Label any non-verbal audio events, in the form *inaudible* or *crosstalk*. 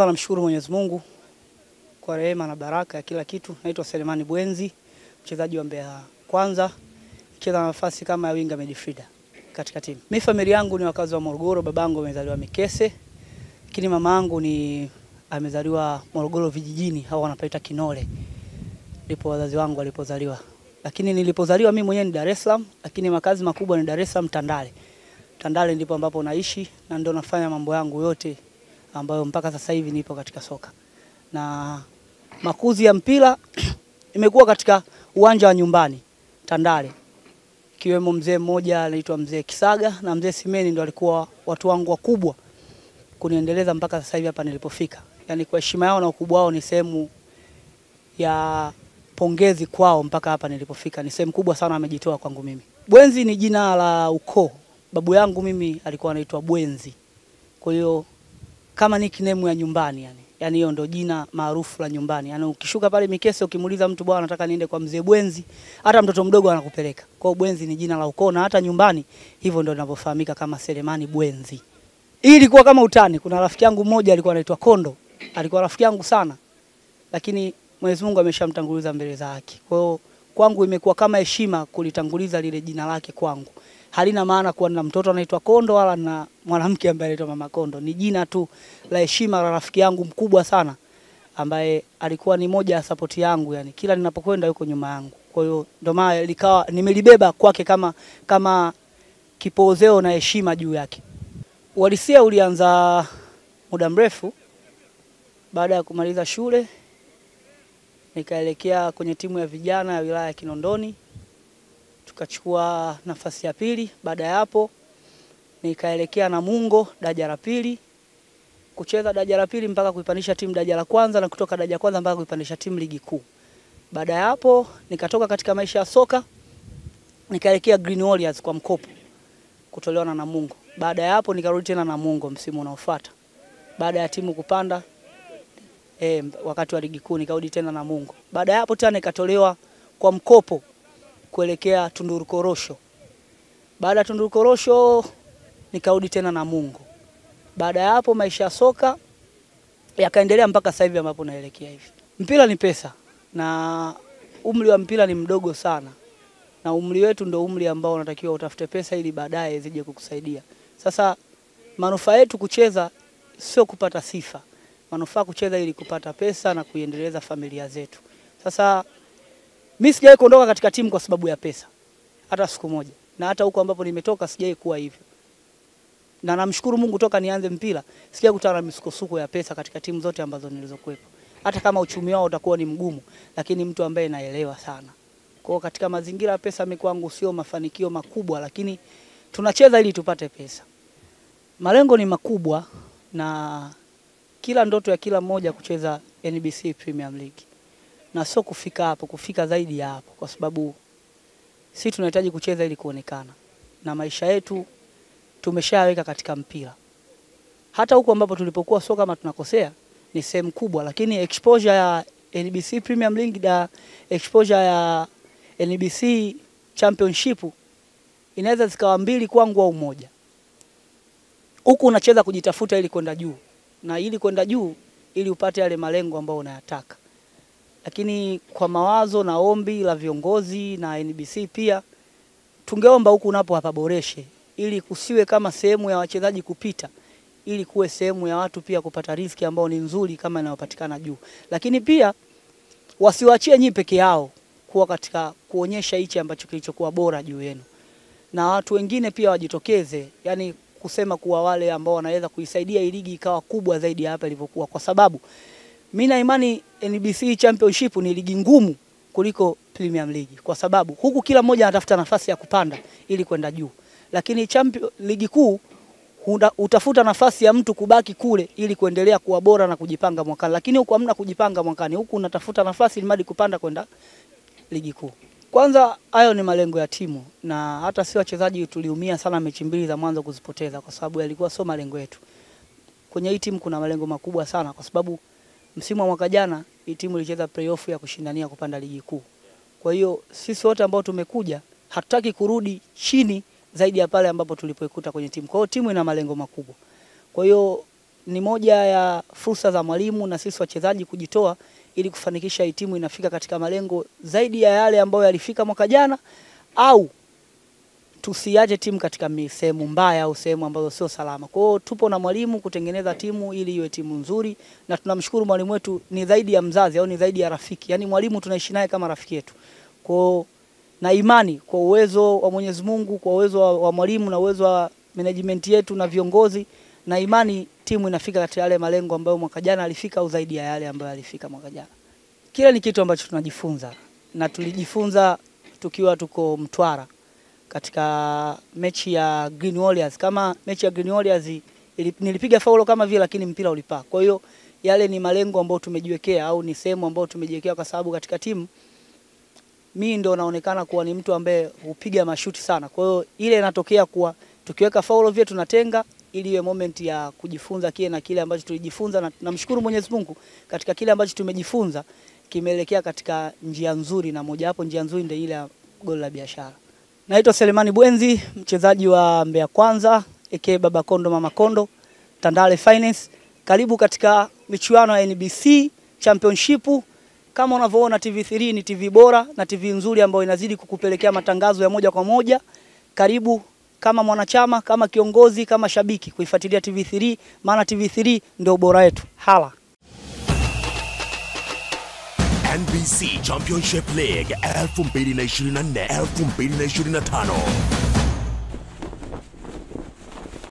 Kwanza namshukuru Mwenyezi Mungu kwa rehema na baraka ya kila kitu. Naitwa Selemani Bwenzi, mchezaji wa Mbeya Kwanza, cheza nafasi kama ya winga midfielder katika timu. Mimi familia yangu ni wakazi wa Morogoro, babangu amezaliwa Mikese, lakini mamangu ni amezaliwa Morogoro vijijini au wanapaita Kinole, ndipo wazazi wangu walipozaliwa. Lakini nilipozaliwa mimi mwenyewe ni Dar es Salaam, lakini makazi makubwa ni Dar es Salaam Tandale. Tandale ndipo ambapo naishi na ndio nafanya mambo yangu yote ambayo mpaka sasa hivi nipo katika soka na makuzi ya mpira *clears throat* imekuwa katika uwanja wa nyumbani Tandale, ikiwemo mzee mmoja anaitwa mzee Kisaga na mzee Simeni ndo alikuwa watu wangu wakubwa kuniendeleza mpaka sasa hivi hapa nilipofika. Yani kwa heshima yao na ukubwa wao ni sehemu ya pongezi kwao mpaka hapa nilipofika. Ni sehemu kubwa sana amejitoa kwangu mimi. Bwenzi ni jina la ukoo. Babu yangu mimi alikuwa anaitwa Bwenzi. Kwa hiyo kama nickname ya nyumbani yani. Yaani hiyo ndio jina maarufu la nyumbani. Yaani ukishuka pale Mikese ukimuuliza mtu bwana, nataka niende kwa mzee Bwenzi, hata mtoto mdogo anakupeleka. Kwa hiyo Bwenzi ni jina la ukoo na hata nyumbani hivyo ndio linavyofahamika kama Selemani Bwenzi. Hii ilikuwa kama utani. Kuna rafiki yangu mmoja alikuwa anaitwa Kondo. Alikuwa rafiki yangu sana. Lakini Mwenyezi Mungu ameshamtanguliza mbele za haki. Kwa hiyo kwangu imekuwa kama heshima kulitanguliza lile jina lake kwangu halina maana kuwa na mtoto anaitwa Kondo wala na mwanamke ambaye anaitwa Mama Kondo. Ni jina tu la heshima la rafiki yangu mkubwa sana ambaye alikuwa ni moja ya sapoti yangu, yani kila ninapokwenda yuko nyuma yangu. Kwa hiyo ndo maana likawa nimelibeba kwake kama, kama kipozeo na heshima juu yake. Uhalisia ulianza muda mrefu baada ya kumaliza shule, nikaelekea kwenye timu ya vijana ya wilaya ya Kinondoni tukachukua nafasi ya pili. Baada ya hapo nikaelekea Namungo daraja la pili kucheza daraja la pili mpaka kuipandisha timu daraja la kwanza na kutoka daraja kwanza mpaka kuipandisha timu ligi kuu. Baada ya hapo nikatoka katika maisha ya soka nikaelekea Green Warriors kwa mkopo kutolewa na Namungo. Baada ya hapo nikarudi tena Namungo msimu unaofuata. Baada ya timu kupanda eh, wakati wa ligi kuu nikarudi tena Namungo. Baada ya hapo tena nikatolewa kwa mkopo kuelekea Tunduru Korosho. Baada ya Tunduru Korosho nikarudi tena mungu Baada ya hapo maisha ya soka yakaendelea mpaka sasa hivi ambapo naelekea hivi. Mpira ni pesa na umri wa mpira ni mdogo sana, na umri wetu ndo umri ambao unatakiwa utafute pesa ili baadaye zije kukusaidia. Sasa manufaa yetu kucheza sio kupata sifa, manufaa kucheza ili kupata pesa na kuiendeleza familia zetu. Sasa mimi sijawahi kuondoka katika timu kwa sababu ya pesa, hata siku moja, na hata huko ambapo nimetoka sijawahi kuwa hivyo, na namshukuru Mungu toka nianze mpira sijawahi kutana na misukosuko ya pesa katika timu zote ambazo nilizokuwepo, hata kama uchumi wao utakuwa ni mgumu, lakini mtu ambaye naelewa sana kwa katika mazingira ya pesa, mimi kwangu sio mafanikio makubwa, lakini tunacheza ili tupate pesa. Malengo ni makubwa na kila ndoto ya kila mmoja kucheza NBC Premier League na sio kufika hapo, kufika zaidi ya hapo, kwa sababu si tunahitaji kucheza ili kuonekana, na maisha yetu tumeshaweka katika mpira. Hata huko ambapo tulipokuwa sio kama tunakosea ni sehemu kubwa, lakini exposure ya NBC Premier League da exposure ya NBC Championship inaweza zikawa mbili kwangu au moja. Huku unacheza kujitafuta ili kwenda juu, na ili kwenda juu, ili upate yale malengo ambayo unayataka lakini kwa mawazo na ombi la viongozi na NBC pia tungeomba huku napo hapaboreshe, ili kusiwe kama sehemu ya wachezaji kupita, ili kuwe sehemu ya watu pia kupata riski ambayo ni nzuri kama inayopatikana juu. Lakini pia wasiwaachie nyinyi peke yao kuwa katika kuonyesha hichi ambacho kilichokuwa bora juu yenu, na watu wengine pia wajitokeze, yani kusema kuwa wale ambao wanaweza kuisaidia iligi ligi ikawa kubwa zaidi ya hapa ilivyokuwa, kwa sababu mimi na imani NBC Championship ni ligi ngumu kuliko Premier League kwa sababu huku kila mmoja anatafuta nafasi ya kupanda ili kwenda juu, lakini champion, ligi kuu hunda, utafuta nafasi ya mtu kubaki kule ili kuendelea kuwa bora na kujipanga mwakani, lakini huku hamna kujipanga mwakani, huku unatafuta nafasi ili kupanda kwenda ligi kuu. Kwanza hayo ni malengo ya timu, na hata si wachezaji tuliumia sana mechi mbili za mwanzo kuzipoteza, kwa sababu yalikuwa sio malengo yetu. Kwenye hii timu kuna malengo makubwa sana, kwa sababu msimu wa mwaka jana hii timu ilicheza playoff ya kushindania kupanda ligi kuu. Kwa hiyo sisi wote ambao tumekuja hatutaki kurudi chini zaidi ya pale ambapo tulipoikuta kwenye timu. Kwa hiyo timu ina malengo makubwa. Kwa hiyo ni moja ya fursa za mwalimu na sisi wachezaji kujitoa ili kufanikisha hii timu inafika katika malengo zaidi ya yale ambayo yalifika mwaka jana au tusiaje timu katika sehemu mbaya au sehemu ambazo sio salama. Kwa hiyo tupo na mwalimu kutengeneza timu ili iwe timu nzuri, na tunamshukuru mwalimu wetu, ni zaidi ya mzazi au ni zaidi ya rafiki, yaani mwalimu tunaishi naye kama rafiki yetu. Kwa na imani kwa uwezo wa Mwenyezi Mungu, kwa uwezo wa, wa mwalimu na uwezo wa management yetu na viongozi, na imani timu inafika katika yale malengo ambayo mwaka jana alifika au zaidi ya yale ambayo alifika mwaka jana. Kila ni kitu ambacho tunajifunza na tulijifunza tukiwa tuko Mtwara katika mechi ya Green Warriors. Kama mechi ya Green Warriors nilipiga faulo kama vile, lakini mpira ulipaa. Kwa hiyo yale ni malengo ambayo tumejiwekea au ni sehemu ambayo tumejiwekea, kwa sababu katika timu mi ndo naonekana kuwa ni mtu ambaye hupiga mashuti sana. Kwa hiyo ile inatokea kuwa tukiweka faulo vile tunatenga ili iwe moment ya kujifunza kile na kile ambacho tulijifunza, na namshukuru Mwenyezi Mungu katika kile ambacho tumejifunza kimeelekea katika njia nzuri, na mojawapo njia nzuri ndio ile ya goli la biashara. Naitwa Selemani Bwenzi, mchezaji wa Mbeya Kwanza aka Baba Kondo Mama Kondo, Tandale Finance. Karibu katika michuano ya NBC Championship. Kama unavyoona TV3 ni TV bora na TV nzuri ambayo inazidi kukupelekea matangazo ya moja kwa moja. Karibu kama mwanachama, kama kiongozi, kama shabiki kuifuatilia TV3, maana TV3 ndio bora yetu. Hala. NBC Championship League 2024 2025 tano.